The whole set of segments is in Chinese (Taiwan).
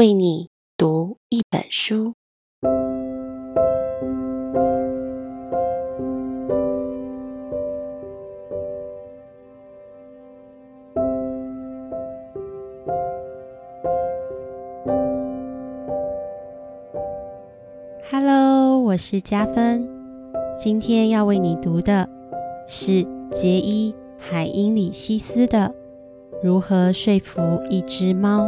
為你讀一本書。Hello，我是加芬，今天要為你讀的是傑伊·海因里希斯的《如何說服一只貓》。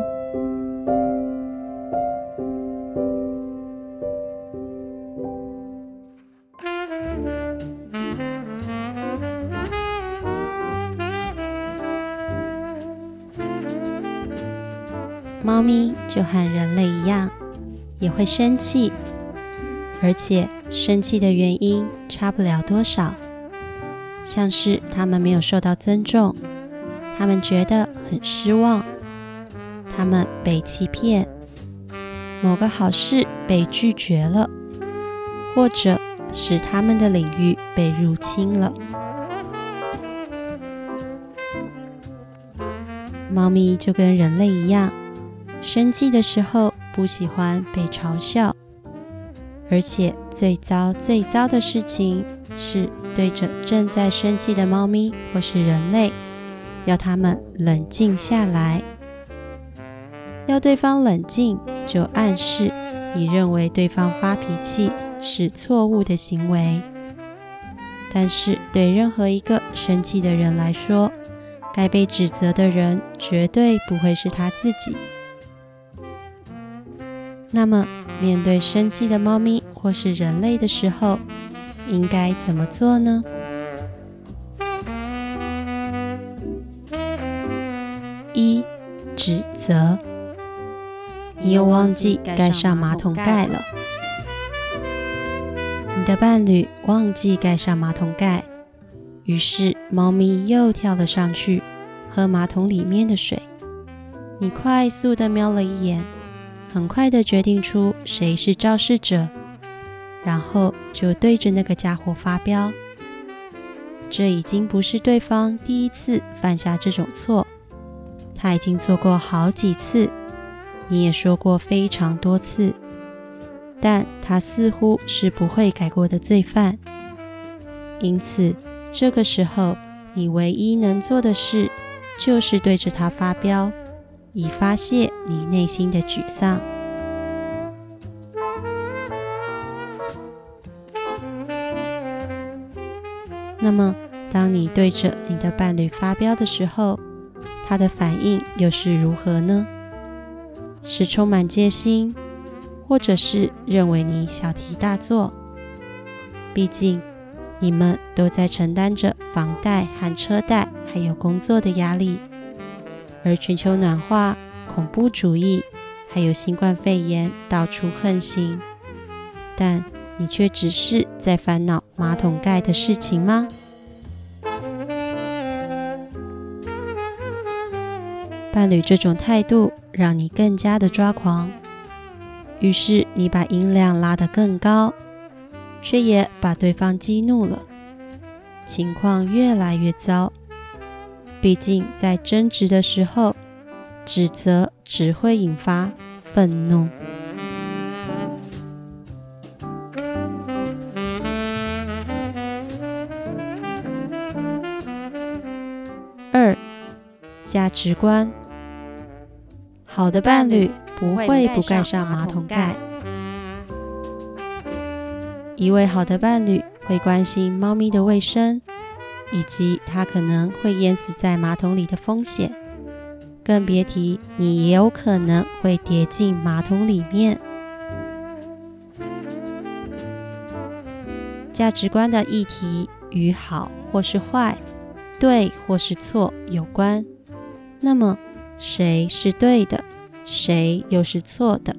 貓咪就和人類一樣，也會生氣，而且生氣的原因差不了多少。像是它們沒有受到尊重，它們覺得很失望，它們被欺騙，某個好事被拒絕了，或者是它們的領域被入侵了。貓咪就跟人類一樣。生氣的時候不喜歡被嘲笑，而且最糟最糟的事情是對着正在生氣的貓咪或是人類，要他們冷靜下來。要對方冷靜，就暗示你認為對方發脾氣是錯誤的行為。但是對任何一個生氣的人來說，該被指責的人絕對不會是他自己。那麼，面對生氣的貓咪或是人類的時候，應該怎麼做呢？一、指責。你又忘記蓋上馬桶蓋了。蓋蓋了，你的伴侶忘記蓋上馬桶蓋，於是貓咪又跳了上去，喝馬桶裡面的水。你快速的瞄了一眼。很快地決定出誰是肇事者，然後就對着那個傢伙發飆。這已經不是對方第一次犯下這種錯，他已經做過好幾次，你也說過非常多次。但他似乎是不會改過的罪犯，因此這個時候你唯一能做的事就是對着他發飆，以發洩你內心的沮喪。那麼，當你對着你的伴侶發飆的時候，他的反應又是如何呢？是充滿戒心，或者是認為你小題大做？畢竟，你們都在承擔着房貸和車貸，還有工作的壓力。而全球暖化、恐怖主義，還有新冠肺炎到處橫行，但你卻只是在煩惱馬桶蓋的事情嗎？伴侶這種態度讓你更加的抓狂，於是你把音量拉得更高，卻也把對方激怒了，情況越來越糟。畢竟，在爭執的時候，指責只會引發憤怒。二，價值觀。好的伴侶不會不蓋上馬桶蓋。一位好的伴侶會關心貓咪的衛生。以及牠可能會淹死在馬桶裡的風險，更別提你也有可能會跌進馬桶裡面。價值觀的議題與好或是壞、對或是錯有關，那麼誰是對的，誰又是錯的？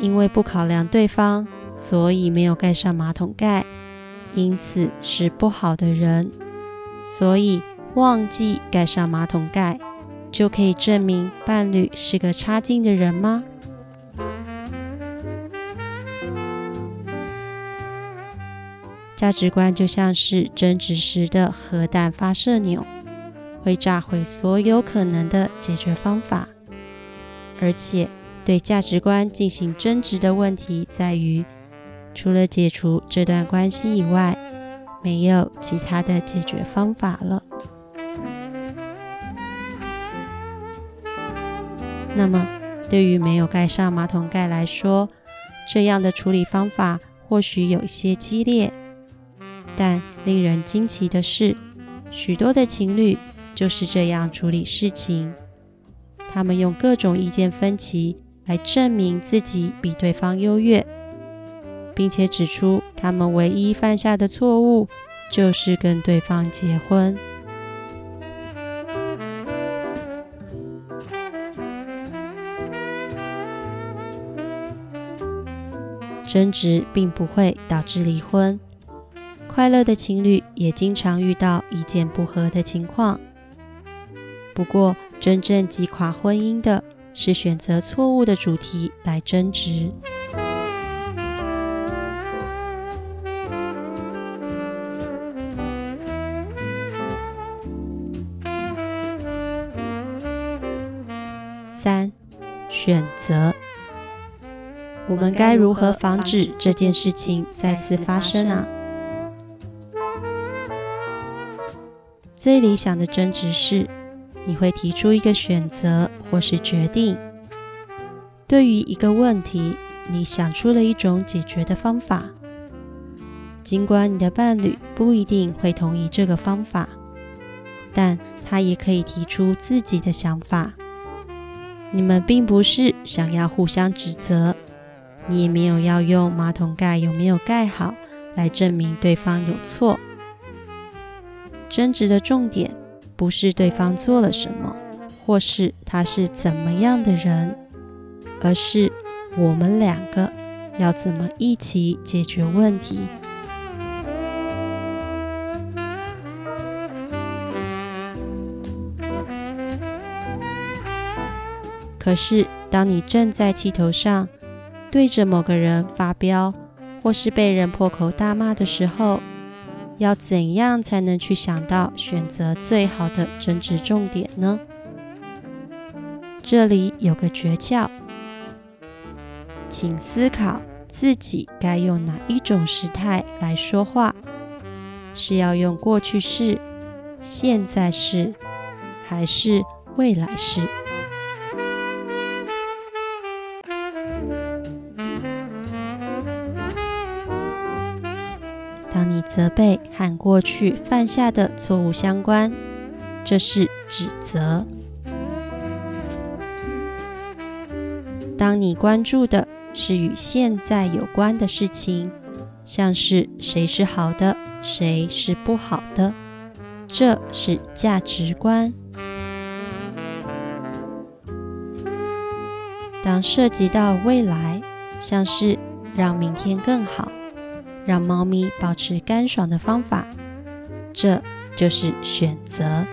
因為不考量對方，所以沒有蓋上馬桶蓋。因此是不好的人，所以忘記蓋上馬桶蓋，就可以證明伴侶是個差勁的人嗎？價值觀就像是爭執時的核彈發射鈕，會炸毀所有可能的解決方法。而且對價值觀進行爭執的問題在於。除了解除這段關係以外，沒有其他的解決方法了。那麼，對於沒有蓋上馬桶蓋來說，這樣的處理方法或許有一些激烈。但令人驚奇的是，許多的情侶就是這樣處理事情。他們用各種意見分歧來證明自己比對方優越。並且指出，他們唯一犯下的錯誤就是跟對方結婚。爭執並不會導致離婚。快樂的情侶也經常遇到意見不合的情況。不過，真正擊垮婚姻的是選擇錯誤的主題來爭執。三、選擇，我們該如何防止這件事情再次發生啊？最理想的爭執是，你會提出一個選擇或是決定。對於一個問題，你想出了一種解決的方法，儘管你的伴侶不一定會同意這個方法，但他也可以提出自己的想法。你們並不是想要互相指責，你也沒有要用馬桶蓋有沒有蓋好來證明對方有錯。爭執的重點不是對方做了什麼，或是他是怎麼樣的人，而是我們兩個要怎麼一起解決問題。可是，當你正在氣頭上，對着某個人發飆，或是被人破口大罵的時候，要怎樣才能去想到選擇最好的爭執重點呢？這裡有個訣竅，請思考自己該用哪一種時態來說話，是要用過去式、現在式，還是未來式？責備和過去犯下的錯誤相關，這是指責。當你關注的是與現在有關的事情，像是誰是好的，誰是不好的，這是價值觀。當涉及到未來，像是讓明天更好。讓貓咪保持乾爽的方法，這就是選擇。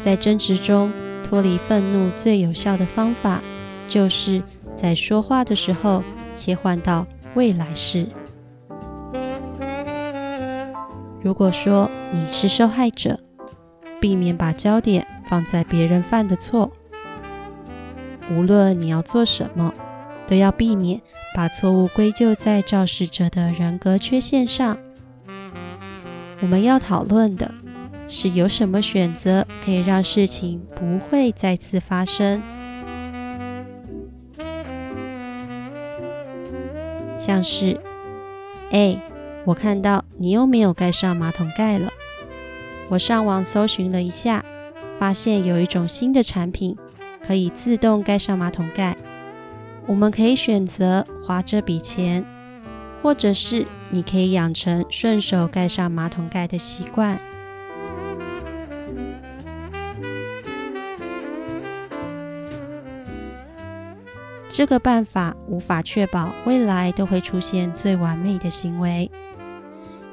在爭執中脫離憤怒最有效的方法，就是在說話的時候切換到未來式。如果說你是受害者，避免把焦點放在別人犯的錯。無論你要做什麼，都要避免把錯誤歸咎在肇事者的人格缺陷上。我們要討論的是，有什麼選擇可以讓事情不會再次發生？像是，哎，我看到你又沒有蓋上馬桶蓋了。我上網搜尋了一下，發現有一種新的產品。可以自動蓋上馬桶蓋。我們可以選擇花這筆錢，或者是你可以養成順手蓋上馬桶蓋的習慣。這個辦法無法確保未來都會出現最完美的行為，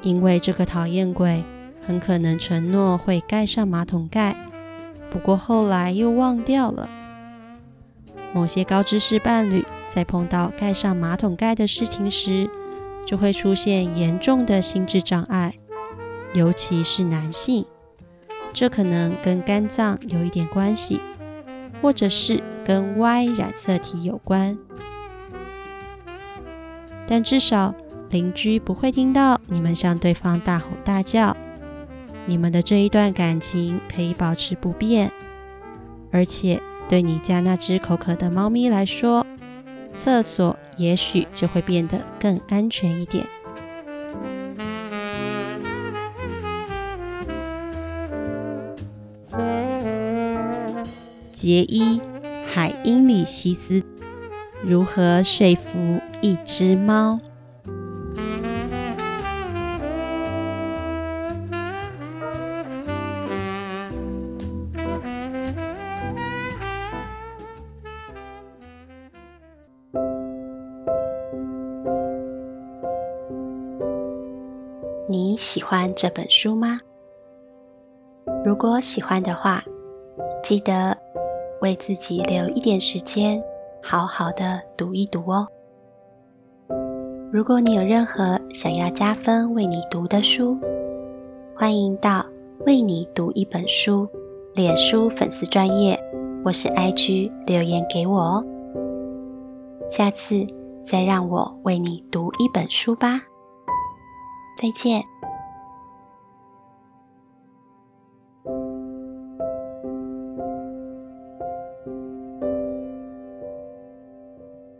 因為這個討厭鬼很可能承諾會蓋上馬桶蓋，不過後來又忘掉了。某些高知識伴侶在碰到蓋上馬桶蓋的事情時，就會出現嚴重的心智障礙，尤其是男性。這可能跟肝臟有一點關係，或者是跟 Y 染色體有關。但至少鄰居不會聽到你們向對方大吼大叫，你們的這一段感情可以保持不變，而且。對你家那隻口渴的貓咪來說，廁所也許就會變得更安全一點。傑伊 ·海因里希斯，如何說服一隻貓？你喜歡這本書嗎？如果喜歡的話，記得為自己留一點時間，好好的讀一讀哦。如果你有任何想要家芬為你讀的書，歡迎到“為你讀一本書”臉書粉絲專頁，或是 IG 留言給我哦。下次再讓我為你讀一本書吧。再見。